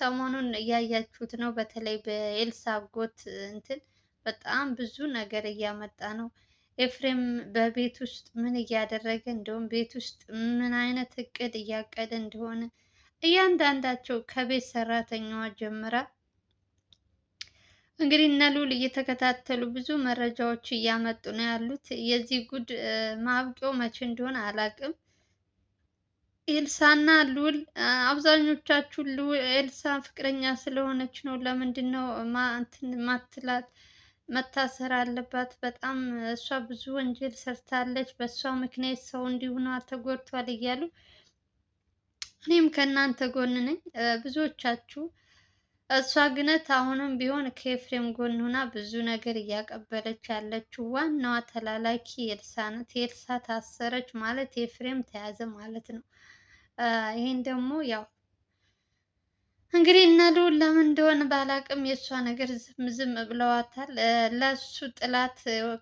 ሰሞኑን እያያችሁት ነው። በተለይ በኤልሳ አጎት እንትን በጣም ብዙ ነገር እያመጣ ነው። ኤፍሬም በቤት ውስጥ ምን እያደረገ እንደሆነ፣ ቤት ውስጥ ምን አይነት እቅድ እያቀደ እንደሆነ እያንዳንዳቸው ከቤት ሰራተኛዋ ጀምራ እንግዲህ እነ እየተከታተሉ ብዙ መረጃዎች እያመጡ ነው ያሉት። የዚህ ጉድ ማብቂያው መቼ እንደሆነ አላውቅም። ኤልሳና ሉል አብዛኞቻችሁ ኤልሳ ፍቅረኛ ስለሆነች ነው። ለምንድን ነው ማትላት? መታሰር አለባት። በጣም እሷ ብዙ ወንጀል ሰርታለች። በእሷ ምክንያት ሰው እንዲሆኗ ተጎድቷል እያሉ እኔም ከእናንተ ጎን ነኝ። ብዙዎቻችሁ እሷ ግነት አሁንም ቢሆን ከኤፍሬም ጎን ሆና ብዙ ነገር እያቀበለች ያለችው ዋናዋ ተላላኪ ኤልሳ ናት። ኤልሳ ታሰረች ማለት ኤፍሬም ተያዘ ማለት ነው። ይሄን ደግሞ ያው እንግዲህ እነ ልዑል ለምን እንደሆነ ባላቅም የእሷ ነገር ዝም ዝም ብለዋታል። ለእሱ ጥላት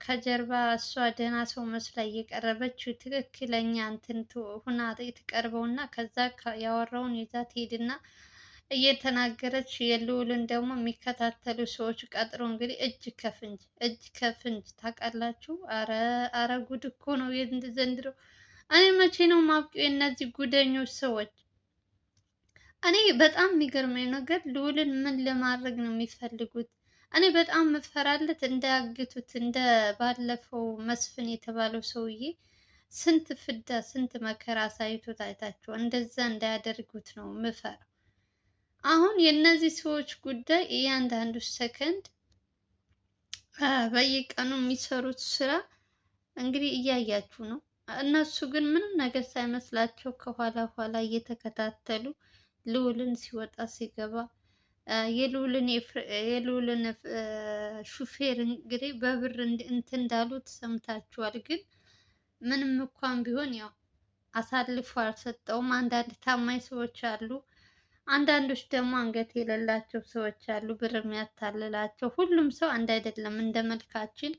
ከጀርባ እሷ ደህና ሰው መስላ እየቀረበችው ትክክለኛ እንትን ሁና እና ከዛ ያወራውን ይዛ ትሄድና እየተናገረች የልዑልን ደግሞ የሚከታተሉ ሰዎች ቀጥሮ እንግዲህ እጅ ከፍንጅ እጅ ከፍንጅ ታውቃላችሁ። አረ አረ ጉድ እኮ ነው ዘንድሮ። እኔ መቼ ነው ማብቂው የእነዚህ ጉደኞች ሰዎች? እኔ በጣም የሚገርመኝ ነገር ልዑልን ምን ለማድረግ ነው የሚፈልጉት? እኔ በጣም መፈራለት እንዳያግቱት እንደ ባለፈው መስፍን የተባለው ሰውዬ ስንት ፍዳ ስንት መከራ አሳይቶት አይታቸው እንደዛ እንዳያደርጉት ነው ምፈራው። አሁን የእነዚህ ሰዎች ጉዳይ እያንዳንዱ ሰከንድ በየቀኑ የሚሰሩት ስራ እንግዲህ እያያችሁ ነው። እነሱ ግን ምንም ነገር ሳይመስላቸው ከኋላ ኋላ እየተከታተሉ ልዑልን ሲወጣ ሲገባ የልዑልን ሹፌር እንግዲህ በብር እንትን እንዳሉት ሰምታችኋል። ግን ምንም እንኳን ቢሆን ያው አሳልፎ አልሰጠውም። አንዳንድ ታማኝ ሰዎች አሉ። አንዳንዶች ደግሞ አንገት የሌላቸው ሰዎች አሉ፣ ብር የሚያታልላቸው። ሁሉም ሰው አንድ አይደለም፣ እንደ መልካችን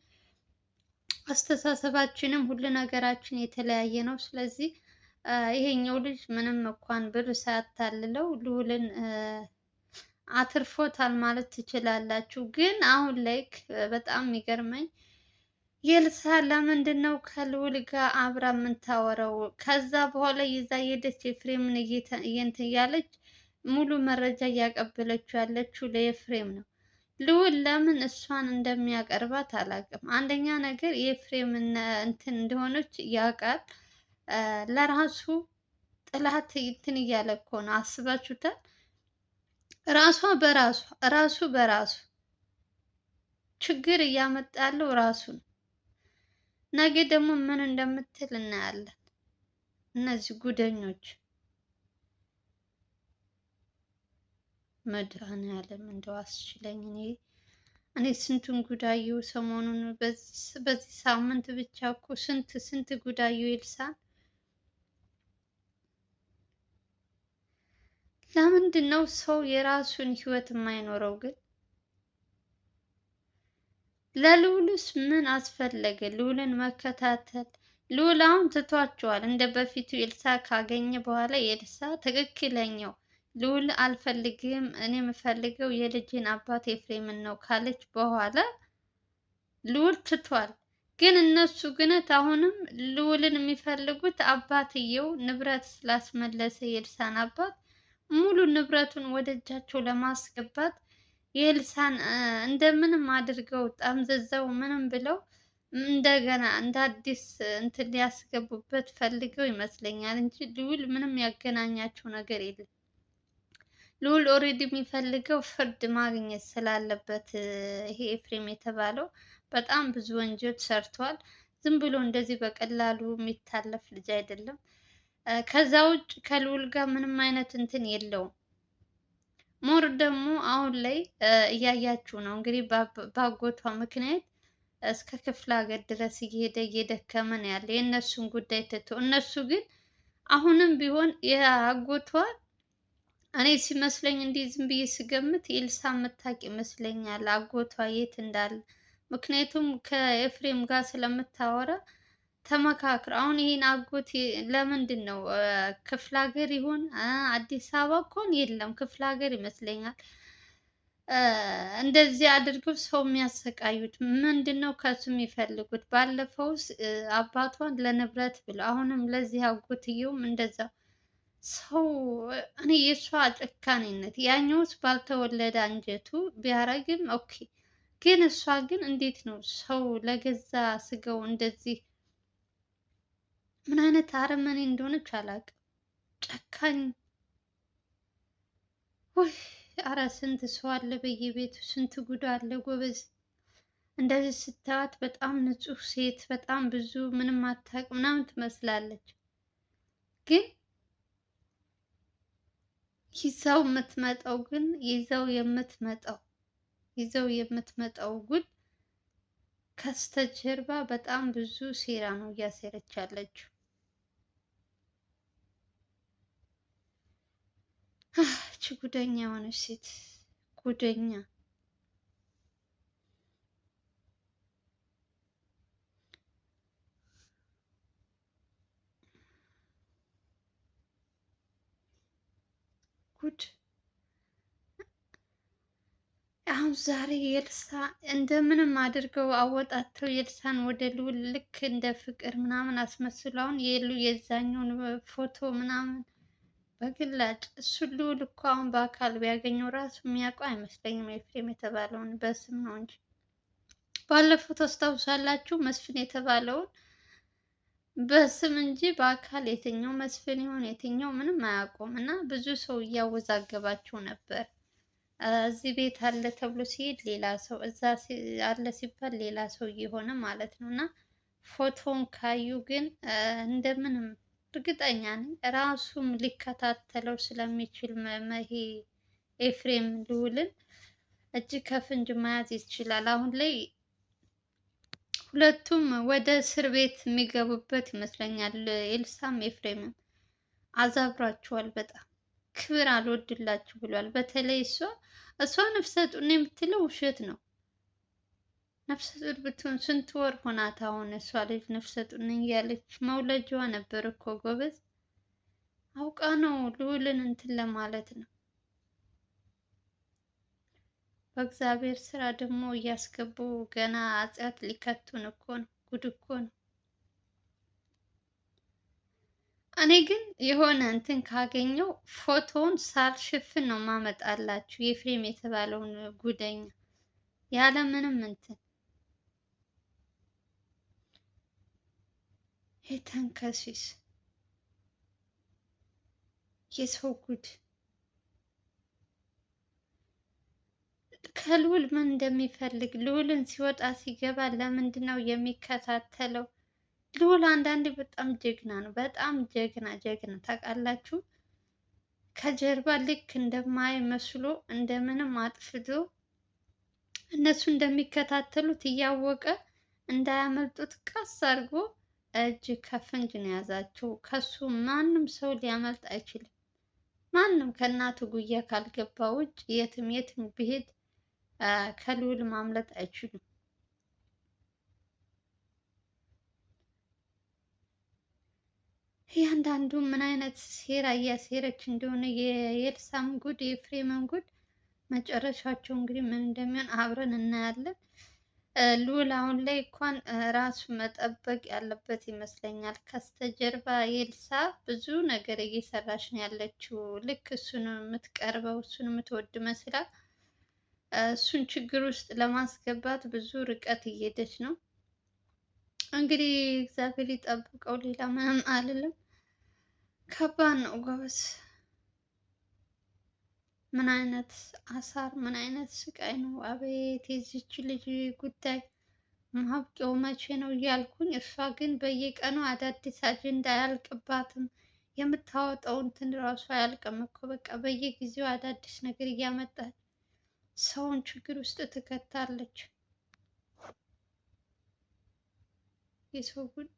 አስተሳሰባችንም ሁሉ ነገራችን የተለያየ ነው። ስለዚህ ይሄኛው ልጅ ምንም እንኳን ብር ሳያታልለው ልዑልን አትርፎታል ማለት ትችላላችሁ። ግን አሁን ላይክ በጣም የሚገርመኝ የልሳ ለምንድን ነው ከልዑል ጋር አብራ የምታወራው? ከዛ በኋላ ይዛ የሄደች ኤፍሬምን እየንት እያለች ሙሉ መረጃ እያቀበለችው ያለችው ለኤፍሬም ነው። ልዑል ለምን እሷን እንደሚያቀርባት አላውቅም። አንደኛ ነገር የፍሬም እንትን እንደሆነች ያውቃል። ለራሱ ጥላት እንትን እያለ እኮ ነው። አስባችሁታል? ራሷ በራሷ ራሱ በራሱ ችግር እያመጣለው ራሱ ነው። ነገ ደግሞ ምን እንደምትል እናያለን። እነዚህ ጉደኞች መድኃኒዓለም እንደው አስችለኝ። እኔ እኔ ስንቱን ጉዳዩ ሰሞኑን በዚህ ሳምንት ብቻ እኮ ስንት ስንት ጉዳዩ ይልሳል? ለምንድን ነው ሰው የራሱን ህይወት የማይኖረው? ግን ለልዑልስ ምን አስፈለገ? ልዑልን መከታተል ልዑል አሁን ትቷቸዋል። እንደ በፊቱ ኤልሳ ካገኘ በኋላ ኤልሳ ትክክለኛው ልውል አልፈልግም፣ እኔ የምፈልገው የልጅን አባት ኤፍሬምን ነው ካለች በኋላ ልውል ትቷል። ግን እነሱ ግነት አሁንም ልውልን የሚፈልጉት አባትየው ንብረት ስላስመለሰ የልሳን አባት ሙሉ ንብረቱን ወደ እጃቸው ለማስገባት የልሳን እንደምንም አድርገው ጠምዘዘው ምንም ብለው እንደገና እንደ አዲስ እንትን ሊያስገቡበት ፈልገው ይመስለኛል እንጂ ልዑል ምንም ያገናኛቸው ነገር የለም። ልዑል ኦልሬዲ የሚፈልገው ፍርድ ማግኘት ስላለበት ይሄ ኤፍሬም የተባለው በጣም ብዙ ወንጀል ሰርቷል። ዝም ብሎ እንደዚህ በቀላሉ የሚታለፍ ልጅ አይደለም። ከዛ ውጭ ከልዑል ጋር ምንም አይነት እንትን የለውም። ሞር ደግሞ አሁን ላይ እያያችሁ ነው እንግዲህ ባጎቷ ምክንያት እስከ ክፍለ ሀገር ድረስ እየሄደ እየደከመ ነው ያለ የእነሱን ጉዳይ ትቶ እነሱ ግን አሁንም ቢሆን የአጎቷ እኔ ሲመስለኝ እንዲህ ዝም ብዬ ስገምት ኤልሳ የምታውቅ ይመስለኛል አጎቷ የት እንዳለ። ምክንያቱም ከኤፍሬም ጋር ስለምታወራ ተመካክር። አሁን ይህን አጎት ለምንድን ነው ክፍለ ሀገር ይሆን አዲስ አበባ እኮን የለም ክፍለ ሀገር ይመስለኛል። እንደዚህ አድርገው ሰው የሚያሰቃዩት ምንድን ነው ከሱ የሚፈልጉት? ባለፈውስ አባቷን ለንብረት ብለው አሁንም ለዚህ አጎትየውም እንደዛ ሰው እኔ የእሷ ጨካኔነት ያኛውስ ባልተወለደ አንጀቱ ቢያረግም ኦኬ። ግን እሷ ግን እንዴት ነው ሰው ለገዛ ስጋው እንደዚህ ምን አይነት አረመኔ እንደሆነች አላውቅም። ጨካኝ ውይ! አረ ስንት ሰው አለ በየቤቱ ስንት ጉዳ አለ ጎበዝ። እንደዚህ ስታዩት በጣም ንጹህ ሴት በጣም ብዙ ምንም አታውቅ ምናምን ትመስላለች ግን ይዘው የምትመጣው ግን ይዘው የምትመጣው ይዘው የምትመጣው ጉድ ከስተጀርባ በጣም ብዙ ሴራ ነው እያሴረች ያለችው። ች ጉደኛ የሆነች ሴት ጉደኛ በጣም ዛሬ የልሳ እንደምንም አድርገው አወጣተው የልሳን ወደ ልዑል ልክ እንደ ፍቅር ምናምን አስመስሎ አሁን የሉ የዛኛውን ፎቶ ምናምን በግላጭ እሱ ልዑል እኮ አሁን በአካል ቢያገኘው ራሱ የሚያውቀው አይመስለኝም። ኤፍሬም የተባለውን በስም ነው እንጂ ባለፈው ታስታውሳላችሁ መስፍን የተባለውን በስም እንጂ በአካል የትኛው መስፍን ይሆን የትኛው ምንም አያውቁም። እና ብዙ ሰው እያወዛገባቸው ነበር። እዚህ ቤት አለ ተብሎ ሲሄድ ሌላ ሰው፣ እዛ አለ ሲባል ሌላ ሰው እየሆነ ማለት ነው። እና ፎቶውን ካዩ ግን እንደምንም እርግጠኛ ነኝ ራሱም ሊከታተለው ስለሚችል መሄ ኤፍሬም ልውልን እጅ ከፍንጅ መያዝ ይችላል። አሁን ላይ ሁለቱም ወደ እስር ቤት የሚገቡበት ይመስለኛል። ኤልሳም ኤፍሬምም አዛብሯቸዋል። በጣም ክብር አልወድላችሁ ብሏል። በተለይ እሷ እሷ ነፍሰ ጡር የምትለው ውሸት ነው። ነፍሰ ጡር ብትሆን ስንት ወር ሆናት? አሁን እሷ ልጅ ነፍሰ ጡር እያለች መውለጃዋ ነበር እኮ ጎበዝ። አውቃ ነው ልዑልን እንትን ለማለት ነው። በእግዚአብሔር ስራ ደግሞ እያስገቡ ገና አጽያት ሊከቱን እኮ ነው። ጉድ እኮ ነው። እኔ ግን የሆነ እንትን ካገኘው ፎቶውን ሳልሽፍን ነው ማመጣላችሁ። የፍሬም የተባለውን ጉደኛ ያለ ምንም እንትን የተንከሲስ የሰው ጉድ ከልውል ምን እንደሚፈልግ ልውልን ሲወጣ ሲገባ ለምንድን ነው የሚከታተለው? ልዑል አንዳንዴ በጣም ጀግና ነው። በጣም ጀግና ጀግና ታውቃላችሁ። ከጀርባ ልክ እንደማይ መስሎ እንደምንም አጥፍቶ እነሱ እንደሚከታተሉት እያወቀ እንዳያመልጡት ቀስ አድርጎ እጅ ከፍንጅ ነው የያዛቸው። ከሱ ማንም ሰው ሊያመልጥ አይችልም። ማንም ከእናቱ ጉያ ካልገባ ውጭ የትም የትም ብሄድ ከልዑል ማምለጥ አይችሉም። እያንዳንዱ ምን አይነት ሴራ እያሴረች እንደሆነ የኤልሳም ጉድ የኤፍሬምም ጉድ መጨረሻቸው እንግዲህ ምን እንደሚሆን አብረን እናያለን። ልዑል አሁን ላይ እንኳን ራሱ መጠበቅ ያለበት ይመስለኛል። ከስተጀርባ ኤልሳ ብዙ ነገር እየሰራች ነው ያለችው። ልክ እሱን የምትቀርበው እሱን የምትወድ መስላ እሱን ችግር ውስጥ ለማስገባት ብዙ ርቀት እየሄደች ነው። እንግዲህ እግዚአብሔር ይጠብቀው። ሌላ ምንም አልልም። ከባድ ነው ጎበዝ። ምን አይነት አሳር፣ ምን አይነት ስቃይ ነው! አቤት የዚች ልጅ ጉዳይ ማብቂያው መቼ ነው እያልኩኝ፣ እሷ ግን በየቀኑ አዳዲስ አጀንዳ አያልቅባትም። የምታወጣው እንትን ራሱ አያልቅም እኮ በቃ በየጊዜው አዳዲስ ነገር እያመጣች ሰውን ችግር ውስጥ ትከታለች። የሰው ጉድ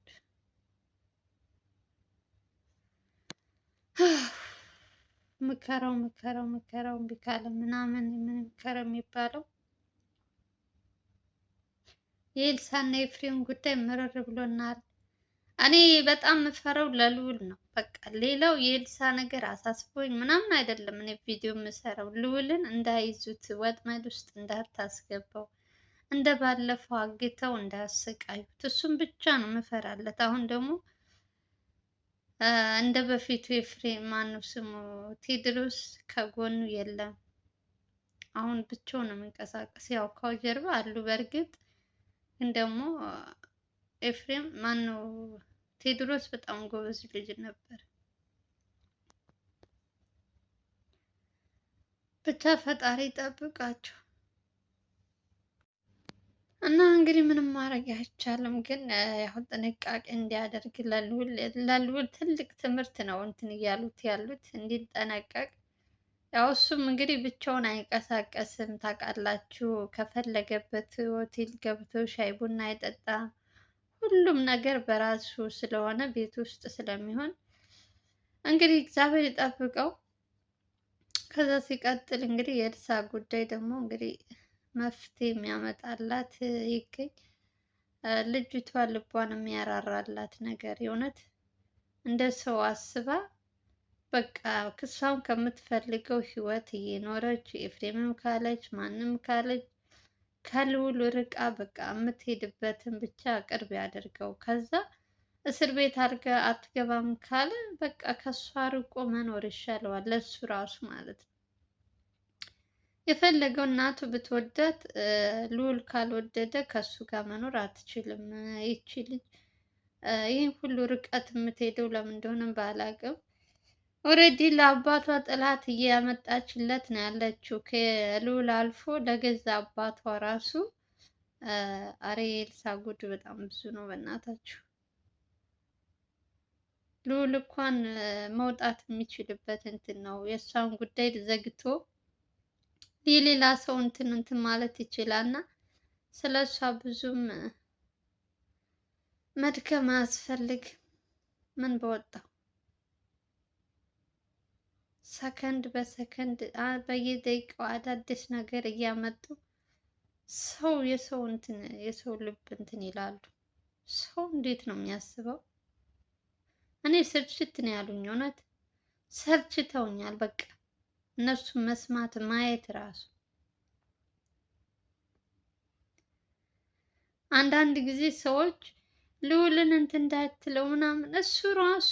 ምከረው ምከረው ምከረው እምቢ ካለ ምናምን ምከረው የሚባለው የኤልሳና የኤፍሬም ጉዳይ ምርር ብሎናል። እኔ በጣም ምፈረው ለልውል ነው። በቃ ሌላው የኤልሳ ነገር አሳስቦኝ ምናምን አይደለም። እኔ ቪዲዮ የምሰራው ልውልን እንዳይዙት ወጥመድ ውስጥ እንዳታስገባው እንደ ባለፈው አግተው እንዳያሰቃዩት እሱም ብቻ ነው ምፈራለት። አሁን ደግሞ እንደ በፊቱ ኤፍሬም ማነው ስሙ ቴድሮስ ከጎኑ የለም። አሁን ብቻው ነው የሚንቀሳቀስ። ያው ከጀርባ አሉ በእርግጥ ግን ደግሞ ኤፍሬም ማነው ቴድሮስ በጣም ጎበዝ ልጅ ነበር። ብቻ ፈጣሪ ይጠብቃቸው። እና እንግዲህ ምንም ማድረግ አይቻልም። ግን ያው ጥንቃቄ እንዲያደርግ ለልውል ትልቅ ትምህርት ነው እንትን እያሉት ያሉት እንዲጠነቀቅ። ያው እሱም እንግዲህ ብቻውን አይንቀሳቀስም ታውቃላችሁ። ከፈለገበት ሆቴል ገብቶ ሻይ ቡና አይጠጣም። ሁሉም ነገር በራሱ ስለሆነ ቤት ውስጥ ስለሚሆን እንግዲህ እግዚአብሔር ይጠብቀው። ከዛ ሲቀጥል እንግዲህ የእድሳ ጉዳይ ደግሞ እንግዲህ መፍትሄ የሚያመጣላት ይገኝ። ልጅቷ ልቧን የሚያራራላት ነገር የእውነት እንደ ሰው አስባ በቃ ክሷን ከምትፈልገው ህይወት እየኖረች ኤፍሬምም ካለች ማንም ካለች ከልውል ርቃ በቃ የምትሄድበትን ብቻ ቅርብ ያደርገው። ከዛ እስር ቤት አድርገ አትገባም ካለ በቃ ከሷ ርቆ መኖር ይሻለዋል ለሱ ራሱ ማለት ነው። የፈለገው እናቱ ብትወዳት ልዑል ካልወደደ ከሱ ጋር መኖር አትችልም። ይቺ ልጅ ይህን ሁሉ ርቀት የምትሄደው ለምን እንደሆነ ባላቅም ኦልሬዲ ለአባቷ ጥላት እያመጣችለት ነው ያለችው። ከልዑል አልፎ ለገዛ አባቷ ራሱ አሬ የኤልሳ ጉድ በጣም ብዙ ነው። በእናታችሁ ልዑል እንኳን መውጣት የሚችልበት እንትን ነው የእሷን ጉዳይ ዘግቶ የሌላ ሰው እንትን እንትን ማለት ይችላል እና ስለ እሷ ብዙም መድከም አያስፈልግ። ምን በወጣው ሰከንድ በሰከንድ በየደቂቃው አዳዲስ ነገር እያመጡ ሰው የሰው እንትን የሰው ልብ እንትን ይላሉ። ሰው እንዴት ነው የሚያስበው? እኔ ስርችት ነው ያሉኝ። እውነት ሰርችተውኛል በቃ እነሱ መስማት ማየት ራሱ አንዳንድ ጊዜ ሰዎች ልዑልን እንትን እንዳትለው ምናምን እሱ ራሱ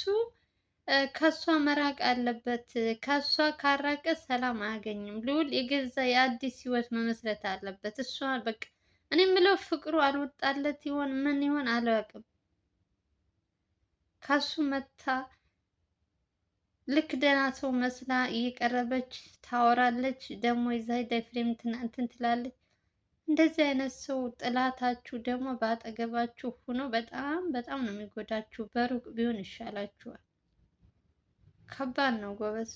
ከሷ መራቅ አለበት። ከሷ ካራቀ ሰላም አያገኝም። ልዑል የገዛ የአዲስ ህይወት መመስረት አለበት። እሷ በቃ እኔ የምለው ፍቅሩ አልወጣለት ይሆን ምን ይሆን አላውቅም። ከሱ መታ ልክ ደህና ሰው መስላ እየቀረበች ታወራለች። ደግሞ የዛ ሄዳ ፍሬም እንትን ትላለች። እንደዚህ አይነት ሰው ጥላታችሁ ደግሞ በአጠገባችሁ ሆኖ በጣም በጣም ነው የሚጎዳችሁ። በሩቅ ቢሆን ይሻላችኋል። ከባድ ነው ጎበዝ።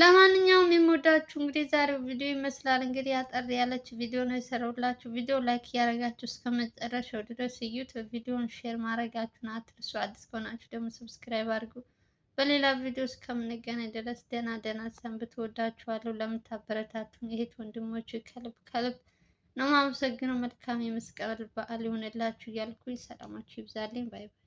ለማንኛውም የምወዳችሁ እንግዲህ ዛሬው ቪዲዮ ይመስላል። እንግዲህ አጠር ያለች ቪዲዮ ነው የሰራሁላችሁ። ቪዲዮ ላይክ እያደረጋችሁ እስከ መጨረሻው ድረስ እዩት። ቪዲዮን ሼር ማድረጋችሁን አትርሱ። አዲስ ከሆናችሁ ደግሞ ሰብስክራይብ አድርጉ። በሌላ ቪዲዮ እስከምንገናኝ ድረስ ደህና ደህና ሰንብት። ወዳችኋለሁ። ለምታበረታቱን እህት ወንድሞች ከልብ ከልብ ነው ማመሰግነው። መልካም የመስቀል በዓል ይሆንላችሁ እያልኩኝ ሰላማችሁ ይብዛልኝ። ባይ ባይ።